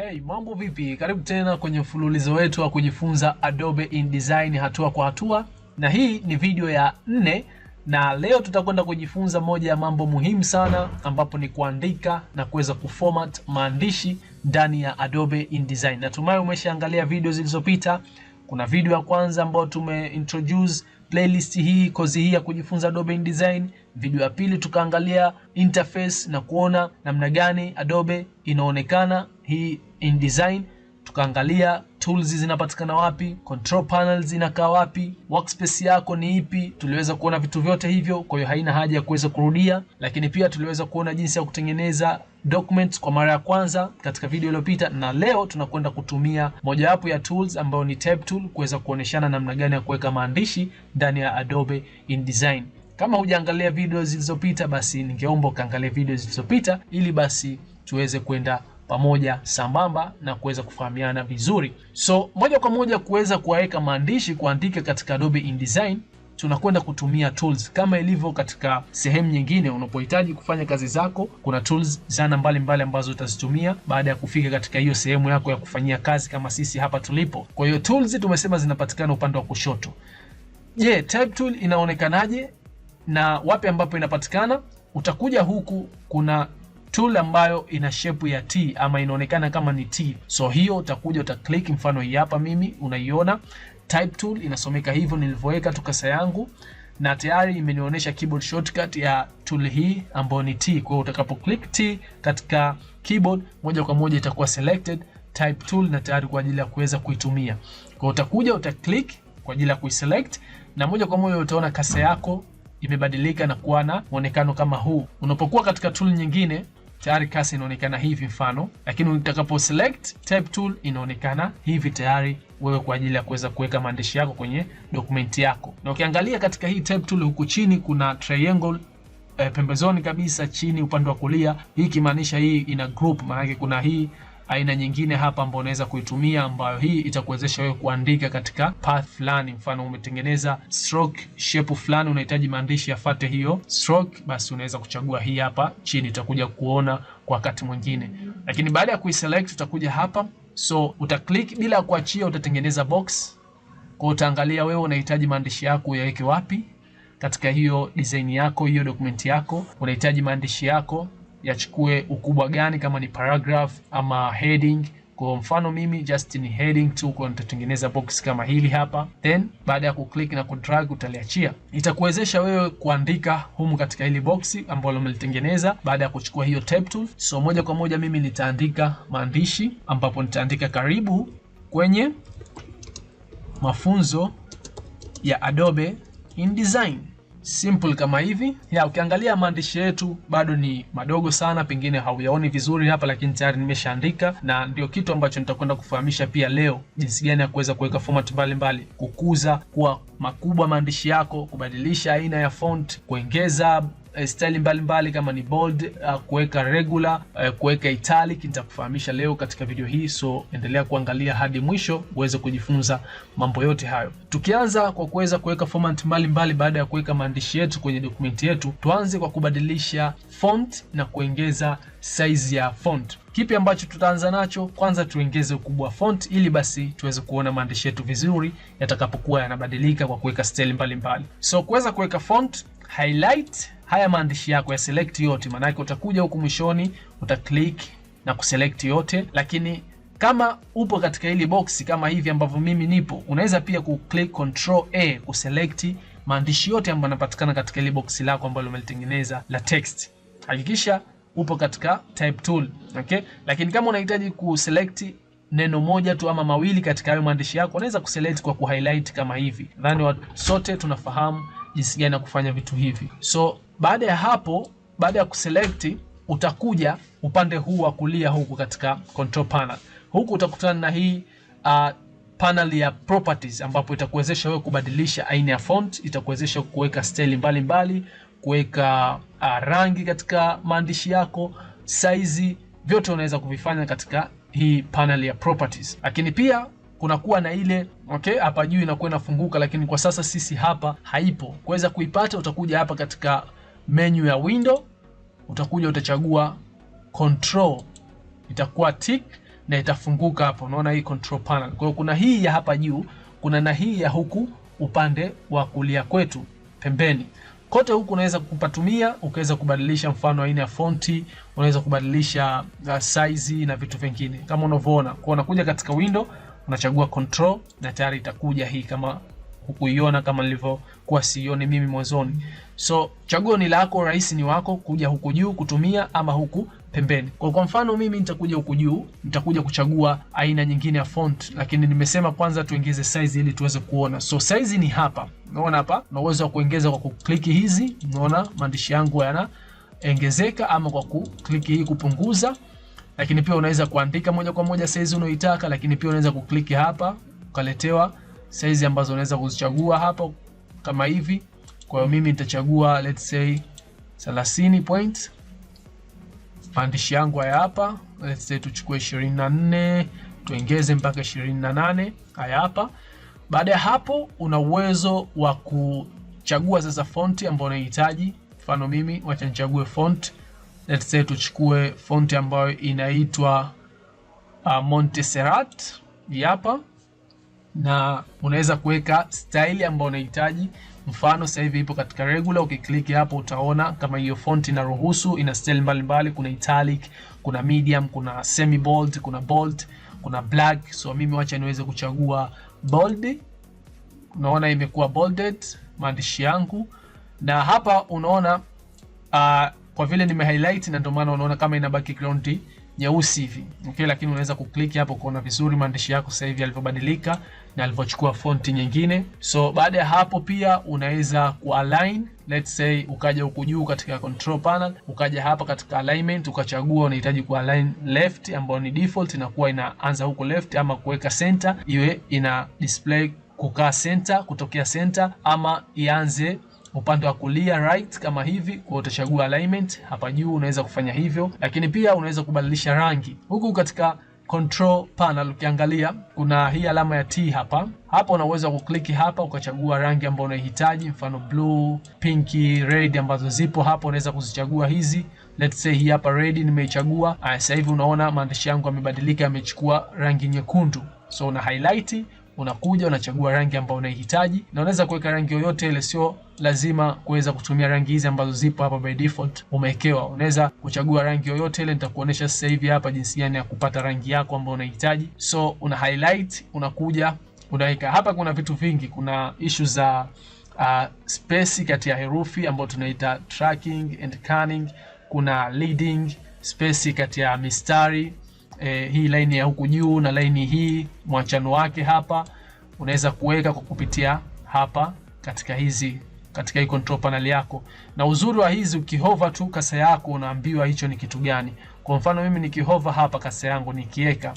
Hey, mambo vipi? Karibu tena kwenye mfululizo wetu wa kujifunza Adobe InDesign hatua kwa hatua, na hii ni video ya nne, na leo tutakwenda kujifunza moja ya mambo muhimu sana, ambapo ni kuandika na kuweza kuformat maandishi ndani ya Adobe InDesign. Natumai umeshaangalia video zilizopita. Kuna video ya kwanza ambayo tumeintroduce playlist hii, kozi hii ya kujifunza Adobe InDesign. Video ya pili tukaangalia interface na kuona namna gani Adobe inaonekana hii InDesign tukaangalia tools zinapatikana wapi, control panel zinakaa wapi, workspace yako ni ipi. Tuliweza kuona vitu vyote hivyo, kwa hiyo haina haja ya kuweza kurudia, lakini pia tuliweza kuona jinsi ya kutengeneza documents kwa mara ya kwanza katika video iliyopita, na leo tunakwenda kutumia mojawapo ya tools ambayo ni type tool kuweza kuoneshana namna gani ya kuweka maandishi ndani ya Adobe InDesign. Kama hujaangalia video zilizopita, basi ningeomba ukaangalia video zilizopita ili basi tuweze kwenda pamoja sambamba na kuweza kufahamiana vizuri. So moja kwa moja kuweza kuwaweka maandishi kuandika katika Adobe InDesign tunakwenda kutumia tools kama ilivyo katika sehemu nyingine. Unapohitaji kufanya kazi zako, kuna tools zana mbalimbali mbali ambazo utazitumia baada ya kufika katika hiyo sehemu yako ya kufanyia kazi, kama sisi hapa tulipo. Kwa hiyo tools tumesema zinapatikana upande wa kushoto. Je, yeah, type tool inaonekanaje na wapi ambapo inapatikana? Utakuja huku, kuna tool ambayo ina shape ya T ama inaonekana kama ni T. So hiyo utakuja uta click, mfano hii hapa mimi unaiona type tool inasomeka hivyo nilivyoweka tu kasa yangu, na tayari imenionyesha keyboard shortcut ya tool hii ambayo ni T. Kwa hiyo utakapo click T katika keyboard, moja kwa moja itakuwa selected type tool na tayari kwa ajili ya kuweza kuitumia. Kwa hiyo utakuja uta click kwa ajili ya kuiselect na moja kwa moja utaona kasa yako imebadilika na kuwa na muonekano kama huu. Unapokuwa katika tool nyingine tayari kasi inaonekana hivi mfano, lakini utakapo select type tool inaonekana hivi tayari wewe kwa ajili ya kuweza kuweka maandishi yako kwenye dokumenti yako. Na ukiangalia katika hii type tool huku chini kuna triangle e, pembezoni kabisa chini upande wa kulia, hii kimaanisha hii ina group, maana kuna hii aina nyingine hapa ambayo unaweza kuitumia, ambayo hii itakuwezesha wewe kuandika katika path fulani. Mfano umetengeneza stroke shape fulani, unahitaji maandishi yafuate hiyo stroke, basi unaweza kuchagua hii hapa chini, utakuja kuona kwa wakati mwingine. Lakini baada ya kuiselect utakuja hapa, so utaclick bila kuachia, utatengeneza box kwa, utaangalia wewe unahitaji maandishi yako yaweke wapi katika hiyo design yako, hiyo dokumenti yako, unahitaji maandishi yako yachukue ukubwa gani, kama ni paragraph ama heading. Kwa mfano mimi just ni heading tu, kwa nitatengeneza box kama hili hapa, then baada ya kuclick na kudrag utaliachia, itakuwezesha wewe kuandika humu katika hili box ambalo umelitengeneza baada ya kuchukua hiyo tab tool. So moja kwa moja mimi nitaandika maandishi, ambapo nitaandika karibu kwenye mafunzo ya Adobe InDesign simple kama hivi. Ya, ukiangalia maandishi yetu bado ni madogo sana, pengine hauyaoni vizuri hapa, lakini tayari nimeshaandika na ndio kitu ambacho nitakwenda kufahamisha pia leo, jinsi gani ya kuweza kuweka format mbalimbali, kukuza kuwa makubwa maandishi yako, kubadilisha aina ya font, kuongeza Eh, style mbalimbali kama ni bold, eh, kuweka regular, eh, kuweka italic. Nitakufahamisha leo katika video hii, so endelea kuangalia hadi mwisho uweze kujifunza mambo yote hayo. Tukianza kwa kuweza kuweka format mbalimbali baada ya kuweka maandishi yetu kwenye dokumenti yetu, tuanze kwa kubadilisha font na kuongeza size ya font. Kipi ambacho tutaanza nacho? Kwanza tuongeze ukubwa wa font ili basi tuweze kuona maandishi yetu vizuri yatakapokuwa yanabadilika kwa kuweka style mbalimbali. So kuweza kuweka font highlight haya maandishi yako ya select yote, maanake utakuja huku mwishoni uta click na kuselect yote, lakini kama upo katika hili box kama hivi ambavyo mimi nipo, unaweza pia ku click control a kuselect maandishi yote ambayo yanapatikana katika hili box lako ambalo umelitengeneza la text. Hakikisha upo katika type tool, okay? Lakini kama unahitaji kuselect neno moja tu ama mawili katika hayo maandishi yako, unaweza kuselect kwa ku highlight kama hivi. Nadhani sote tunafahamu jinsi gani ya kufanya vitu hivi. So baada ya hapo, baada ya kuselect utakuja upande huu wa kulia huku katika control panel. Huku utakutana na hii uh, panel ya properties ambapo itakuwezesha wewe kubadilisha aina ya font, itakuwezesha kuweka style mbalimbali, kuweka uh, rangi katika maandishi yako, saizi, vyote unaweza kuvifanya katika hii panel ya properties. Lakini pia kunakuwa na ile okay, hapa juu inakuwa inafunguka, lakini kwa sasa sisi hapa haipo. Kuweza kuipata utakuja hapa katika menu ya window, utakuja utachagua control, itakuwa tick na itafunguka hapo. Unaona hii control panel. Kwa hiyo kuna hii ya hapa juu, kuna na hii ya huku upande wa kulia kwetu pembeni kote huku unaweza kupatumia, ukaweza kubadilisha mfano aina ya fonti, unaweza kubadilisha uh, size na vitu vingine kama unavyoona. Kwa unakuja katika window unachagua control na tayari itakuja hii kama hukuiona kama nilivyokuwa sioni mimi mwanzoni. So chaguo ni lako, rahisi ni wako kuja huku juu kutumia ama huku pembeni. Kwa kwa mfano mimi nitakuja huku juu, nitakuja kuchagua aina nyingine ya font, lakini nimesema kwanza tuongeze size ili tuweze kuona. So size ni hapa. Unaona hapa? na uwezo wa kuongeza kwa kuklik hizi. Unaona maandishi yangu yanaongezeka ama kwa kuklik hii kupunguza lakini pia unaweza kuandika moja kwa moja size unaoitaka, lakini pia unaweza kukliki hapa ukaletewa size ambazo unaweza kuzichagua hapa kama hivi. Kwa hiyo mimi nitachagua let's say 30 point, maandishi yangu haya hapa, let's say tuchukue 24 tuongeze mpaka 28 haya hapa. Baada ya hapo, una uwezo wa kuchagua sasa font ambayo unahitaji. Mfano mimi wacha nichague font let's say tuchukue fonti ambayo inaitwa uh, Montserrat hapa, na unaweza kuweka style ambayo unahitaji. Mfano sasa hivi ipo katika regular, ukiklik hapo utaona kama hiyo font inaruhusu, ina style mbalimbali, kuna italic, kuna medium, kuna semi bold, kuna bold, kuna black. So mimi wacha niweze kuchagua bold. Unaona imekuwa bolded maandishi yangu, na hapa unaona uh, kwa vile nime highlight na ndio maana unaona kama ina background nyeusi hivi. Okay, lakini unaweza kuclick hapo kuona vizuri maandishi yako sasa hivi yalivyobadilika na alivyochukua font nyingine. So baada ya hapo pia unaweza ku-align, let's say ukaja huku juu katika control panel, ukaja hapa katika alignment ukachagua unahitaji ku-align left ambayo ni default inakuwa inaanza huku left ama kuweka center iwe ina display kukaa center kutokea center ama ianze upande wa kulia right kama hivi, kwa utachagua alignment hapa juu, unaweza kufanya hivyo, lakini pia unaweza kubadilisha rangi huku katika control panel. Ukiangalia kuna hii alama ya T hapa, hapa una uwezo wa kukliki hapa ukachagua rangi ambayo unahitaji, mfano blue, pinki, red ambazo zipo hapo, unaweza kuzichagua hizi. Let's say hii hapa red nimeichagua. Sasa hivi unaona maandishi yangu yamebadilika, yamechukua rangi nyekundu, so una highlight unakuja unachagua rangi ambayo unaihitaji, na unaweza kuweka rangi yoyote ile, sio lazima kuweza kutumia rangi hizi ambazo zipo hapa by default umewekewa. Unaweza kuchagua rangi yoyote ile, nitakuonesha sasa hivi hapa jinsi gani ya kupata rangi yako ambayo unahitaji. So una highlight, unakuja unaweka hapa. Kuna vitu vingi, kuna issue za uh, space kati ya herufi ambayo tunaita tracking and kerning, kuna leading space kati ya mistari e, hii laini ya huku juu na laini hii mwachano wake hapa unaweza kuweka kwa kupitia hapa katika hizi katika hii control panel yako. Na uzuri wa hizi ukihova tu kasa yako unaambiwa hicho ni kitu gani. Kwa mfano mimi nikihova hapa kasa yangu nikiweka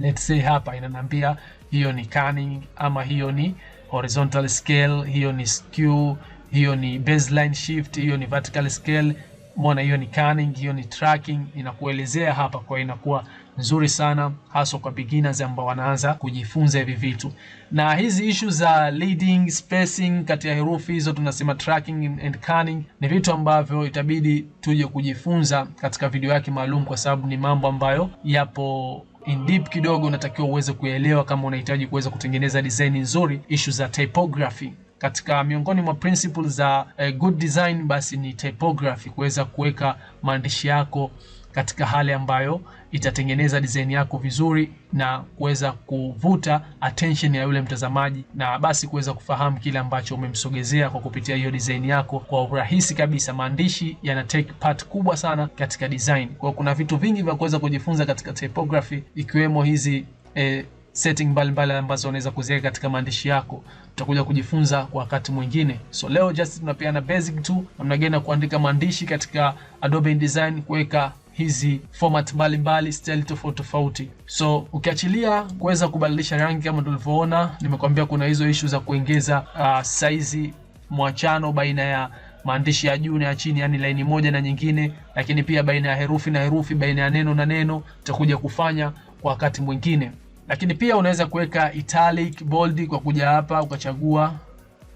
let's say hapa inanambia hiyo ni canning ama hiyo ni horizontal scale, hiyo ni skew, hiyo ni baseline shift, hiyo ni vertical scale, Umeona, hiyo ni canning, hiyo ni tracking, inakuelezea hapa, kwa inakuwa nzuri sana haswa kwa beginners ambao wanaanza kujifunza hivi vitu. Na hizi issue za leading, spacing kati ya herufi hizo tunasema tracking and canning ni vitu ambavyo itabidi tuje kujifunza katika video yake maalum, kwa sababu ni mambo ambayo yapo in deep kidogo, unatakiwa uweze kuelewa kama unahitaji kuweza kutengeneza design nzuri. Issue za typography katika miongoni mwa principles za eh, good design basi ni typography, kuweza kuweka maandishi yako katika hali ambayo itatengeneza design yako vizuri na kuweza kuvuta attention ya yule mtazamaji, na basi kuweza kufahamu kile ambacho umemsogezea kwa kupitia hiyo design yako kwa urahisi kabisa. Maandishi yana take part kubwa sana katika design. Kwa kuna vitu vingi vya kuweza kujifunza katika typography ikiwemo hizi eh, setting mbalimbali ambazo unaweza kuziweka katika maandishi yako. Tutakuja kujifunza kwa wakati mwingine. So leo just tunapeana basic tu namna gani ya kuandika maandishi katika Adobe InDesign, kuweka hizi format mbalimbali, style tofauti tofauti. So ukiachilia kuweza kubadilisha rangi, kama tulivyoona, nimekwambia kuna hizo issue za kuongeza uh, size mwachano baina ya maandishi ya juu na ya chini, yani laini moja na nyingine, lakini pia baina ya herufi na herufi, baina ya neno na neno, tutakuja kufanya kwa wakati mwingine lakini pia unaweza kuweka italic bold kwa kuja hapa ukachagua,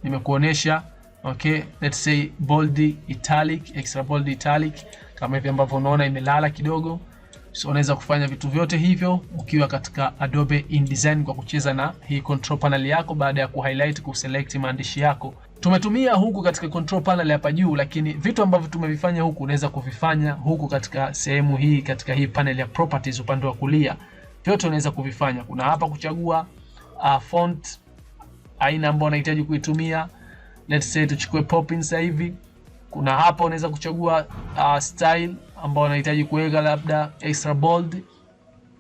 nimekuonesha okay, let's say bold italic, extra bold italic, kama hivi ambavyo unaona imelala kidogo. So unaweza kufanya vitu vyote hivyo ukiwa katika Adobe InDesign kwa kucheza na hii control panel yako, baada ya kuhighlight, kuselect maandishi yako tumetumia huku katika control panel hapa juu, lakini vitu ambavyo tumevifanya huku unaweza kuvifanya huku katika sehemu hii, katika hii panel ya properties upande wa kulia vyote unaweza kuvifanya. Kuna hapa kuchagua uh, font aina ambayo unahitaji kuitumia. Let's say tuchukue Poppin sasa hivi. Kuna hapa unaweza kuchagua uh, style ambayo unahitaji kuweka labda extra bold.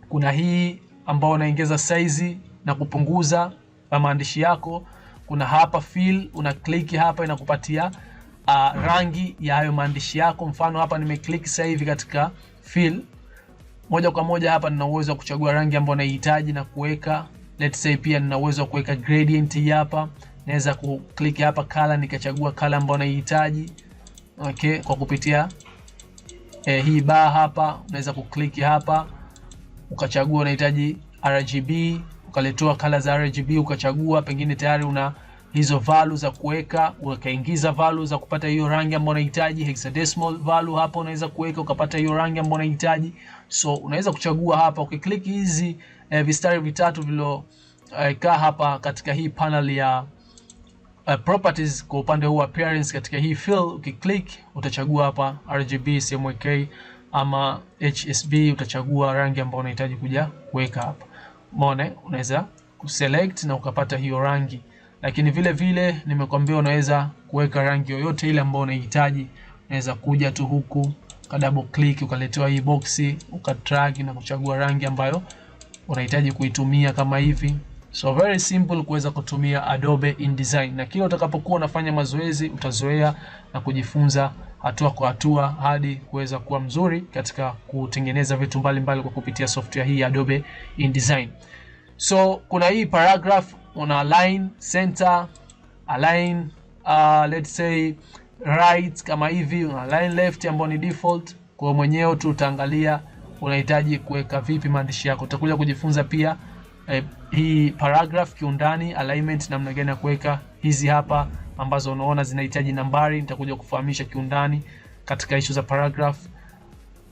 Kuna hii ambayo unaongeza size na kupunguza na maandishi yako. Kuna hapa fill, una click hapa inakupatia uh, rangi ya hayo maandishi yako. Mfano hapa nimeclick sasa hivi katika fill moja kwa moja hapa nina uwezo wa kuchagua rangi ambayo naihitaji na kuweka. Let's say pia nina uwezo wa kuweka gradient hapa. Naweza ku click hapa color nikachagua color ambayo naihitaji. Okay, kwa kupitia eh, hii bar hapa unaweza ku click hapa ukachagua unahitaji RGB, ukaletoa color za RGB ukachagua, pengine tayari una hizo value za kuweka, ukaingiza value za kupata hiyo rangi ambayo unahitaji. Hexadecimal value hapo unaweza kuweka ukapata hiyo rangi ambayo unahitaji. So unaweza kuchagua hapa, ukiklik hizi eh, vistari vitatu vilo eh, kaa hapa katika hii panel ya Uh, properties kwa upande huu appearance, katika hii fill ukiklik, utachagua hapa RGB, CMYK ama HSB, utachagua rangi ambayo unahitaji kuja kuweka hapa. Umeona, unaweza kuselect na ukapata hiyo rangi lakini vile vile nimekwambia unaweza kuweka rangi yoyote ile ambayo unahitaji. Unaweza kuja tu huku uka double click ukaletewa hii box uka drag na kuchagua rangi ambayo unahitaji kuitumia kama hivi. So very simple kuweza kutumia Adobe InDesign, na kila utakapokuwa unafanya mazoezi utazoea na kujifunza hatua kwa hatua hadi kuweza kuwa mzuri katika kutengeneza vitu mbalimbali mbali kwa kupitia software hii ya Adobe InDesign. So kuna hii paragraph on align center, align uh, let's say right kama hivi, una align left ambayo ni default. Kwa mwenyewe tu utaangalia unahitaji kuweka vipi maandishi yako. Utakuja kujifunza pia eh, hii paragraph kiundani, alignment namna gani ya kuweka hizi hapa ambazo unaona zinahitaji nambari. Nitakuja kufahamisha kiundani katika issue za paragraph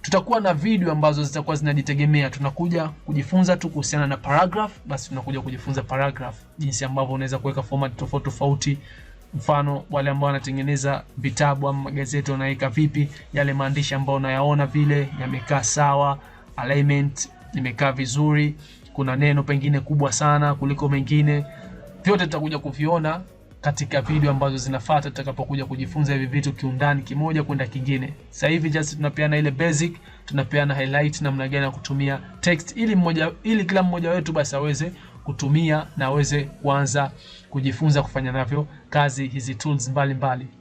tutakuwa na video ambazo zitakuwa zinajitegemea. Tunakuja kujifunza tu kuhusiana na paragraph, basi tunakuja kujifunza paragraph, jinsi ambavyo unaweza kuweka format tofauti tofauti. Mfano, wale ambao wanatengeneza vitabu ama magazeti wanaweka vipi yale maandishi ambayo unayaona vile yamekaa sawa, alignment imekaa vizuri, kuna neno pengine kubwa sana kuliko mengine, vyote tutakuja kuviona katika video ambazo zinafuata tutakapokuja kujifunza hivi vitu kiundani kimoja kwenda kingine. Sasa hivi just tunapeana ile basic, tunapeana highlight namna gani ya kutumia text ili mmoja ili kila mmoja wetu basi aweze kutumia na aweze kuanza kujifunza kufanya navyo kazi hizi tools mbalimbali mbali.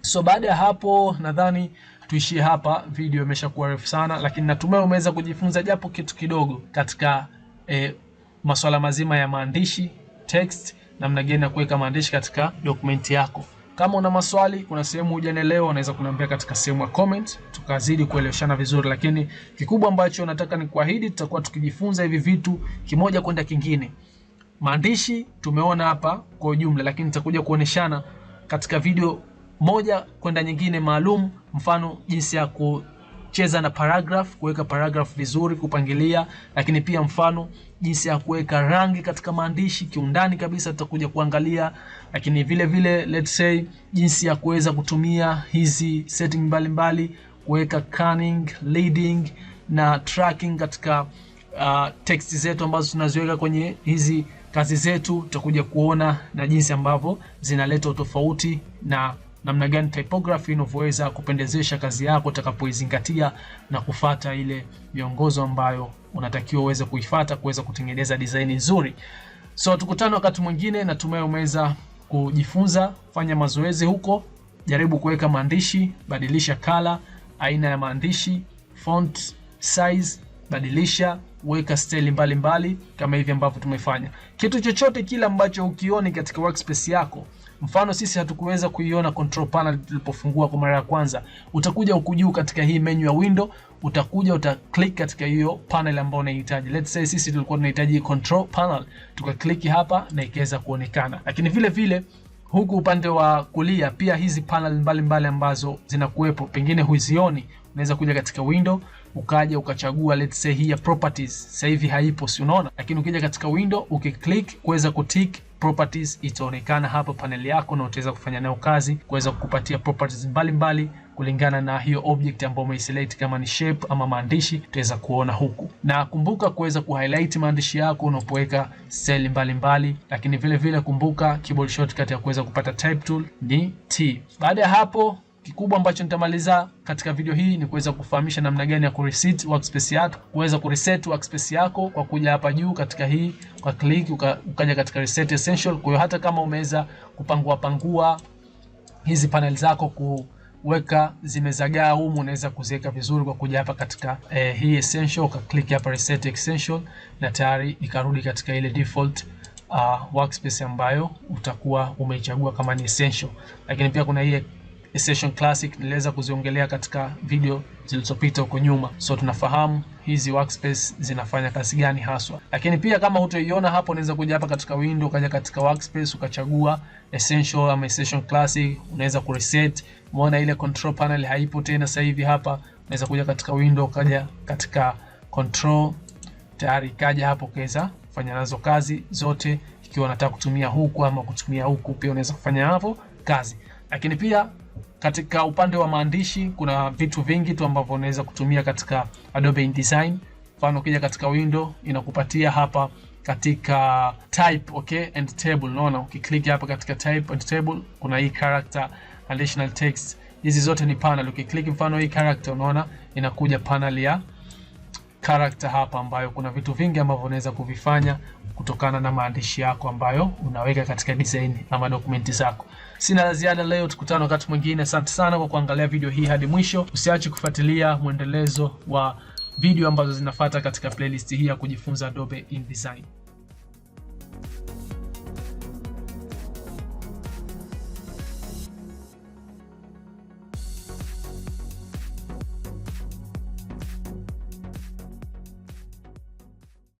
So baada ya hapo nadhani tuishie hapa, video imeshakuwa refu sana, lakini natumai umeweza kujifunza japo kitu kidogo katika eh, masuala mazima ya maandishi text namna gani ya kuweka maandishi katika dokumenti yako. Kama una maswali, kuna sehemu hujanielewa, unaweza kuniambia katika sehemu ya comment, tukazidi kueleweshana vizuri. Lakini kikubwa ambacho nataka ni kuahidi, tutakuwa tukijifunza hivi vitu kimoja kwenda kingine. Maandishi tumeona hapa kwa ujumla, lakini nitakuja kuoneshana katika video moja kwenda nyingine maalum, mfano jinsi ya ku kucheza na paragraph, kuweka paragraph vizuri, kupangilia, lakini pia mfano jinsi ya kuweka rangi katika maandishi kiundani kabisa tutakuja kuangalia, lakini vile vile let's say jinsi ya kuweza kutumia hizi setting mbalimbali kuweka canning, leading na tracking katika uh, text zetu ambazo tunaziweka kwenye hizi kazi zetu, tutakuja kuona na jinsi ambavyo zinaleta utofauti na namna gani typography inavyoweza kupendezesha kazi yako utakapoizingatia na kufata ile miongozo ambayo unatakiwa uweze kuifata kuweza kutengeneza design nzuri. So tukutane wakati mwingine, natumai umeweza kujifunza. Fanya mazoezi huko, jaribu kuweka maandishi, badilisha kala, aina ya maandishi, font size, badilisha weka style mbalimbali kama hivi ambavyo tumefanya. Kitu chochote kile ambacho ukioni katika workspace yako Mfano sisi hatukuweza kuiona control panel tulipofungua kwa mara ya kwanza. Utakuja huku juu katika hii menu ya window, utakuja uta click katika hiyo panel ambayo unahitaji. Let's say sisi tulikuwa tunahitaji control panel, tuka click hapa na ikaweza kuonekana. Lakini vile vile huku upande wa kulia pia hizi panel mbalimbali mbali ambazo zinakuwepo, pengine huizioni, unaweza kuja katika window ukaja ukachagua let's say hii ya properties. Sasa hivi haipo, si unaona? Lakini ukija katika window ukiclick kuweza kutick properties itaonekana hapa paneli yako na utaweza kufanya nayo kazi kuweza kukupatia properties mbalimbali mbali, kulingana na hiyo object ambayo umeiselect kama ni shape ama maandishi utaweza kuona huku, na kumbuka kuweza kuhighlight maandishi yako unapoweka seli mbalimbali, lakini vile vile kumbuka keyboard shortcut ya kuweza kupata type tool ni T. Baada ya hapo Kikubwa ambacho nitamaliza katika video hii ni kuweza kufahamisha namna gani ya kureset workspace yako, kuweza kureset workspace yako kwa kuja hapa juu katika hii kwa click uka, ukaja katika reset essential. Kwa hiyo hata kama umeweza kupangua pangua hizi panel zako ku weka zimezagaa humu, unaweza kuziweka vizuri kwa kuja hapa katika eh, hii essential uka click hapa reset essential, na tayari ikarudi katika ile default uh, workspace ambayo utakuwa umeichagua kama ni essential. Lakini pia kuna hii Essential Classic niliweza kuziongelea katika video zilizopita huko nyuma, so tunafahamu hizi workspace zinafanya kazi gani haswa. Lakini pia kama hutoiona hapo, unaweza kuja hapa katika window, ukaja katika workspace ukachagua Essential ama Essential Classic, unaweza kureset. Umeona ile control panel haipo tena sasa hivi hapa, unaweza kuja katika window, ukaja katika control, tayari ikaja hapo, ukaweza kufanya nazo kazi zote, ikiwa unataka kutumia huku ama kutumia huku, pia unaweza kufanya hapo kazi, lakini pia katika upande wa maandishi kuna vitu vingi tu ambavyo unaweza kutumia katika Adobe InDesign. Mfano, ukija katika window inakupatia hapa katika type, okay, and table. Unaona, ukiklik hapa katika type and table kuna hii character, additional text, hizi zote ni panel. Ukiklik mfano hii character, unaona inakuja panel ya character hapa ambayo kuna vitu vingi ambavyo unaweza kuvifanya kutokana na maandishi yako ambayo unaweka katika design ama dokumenti zako. Sina la ziada leo, tukutane wakati mwingine. Asante sana kwa kuangalia video hii hadi mwisho. Usiache kufuatilia mwendelezo wa video ambazo zinafata katika playlist hii ya kujifunza Adobe InDesign.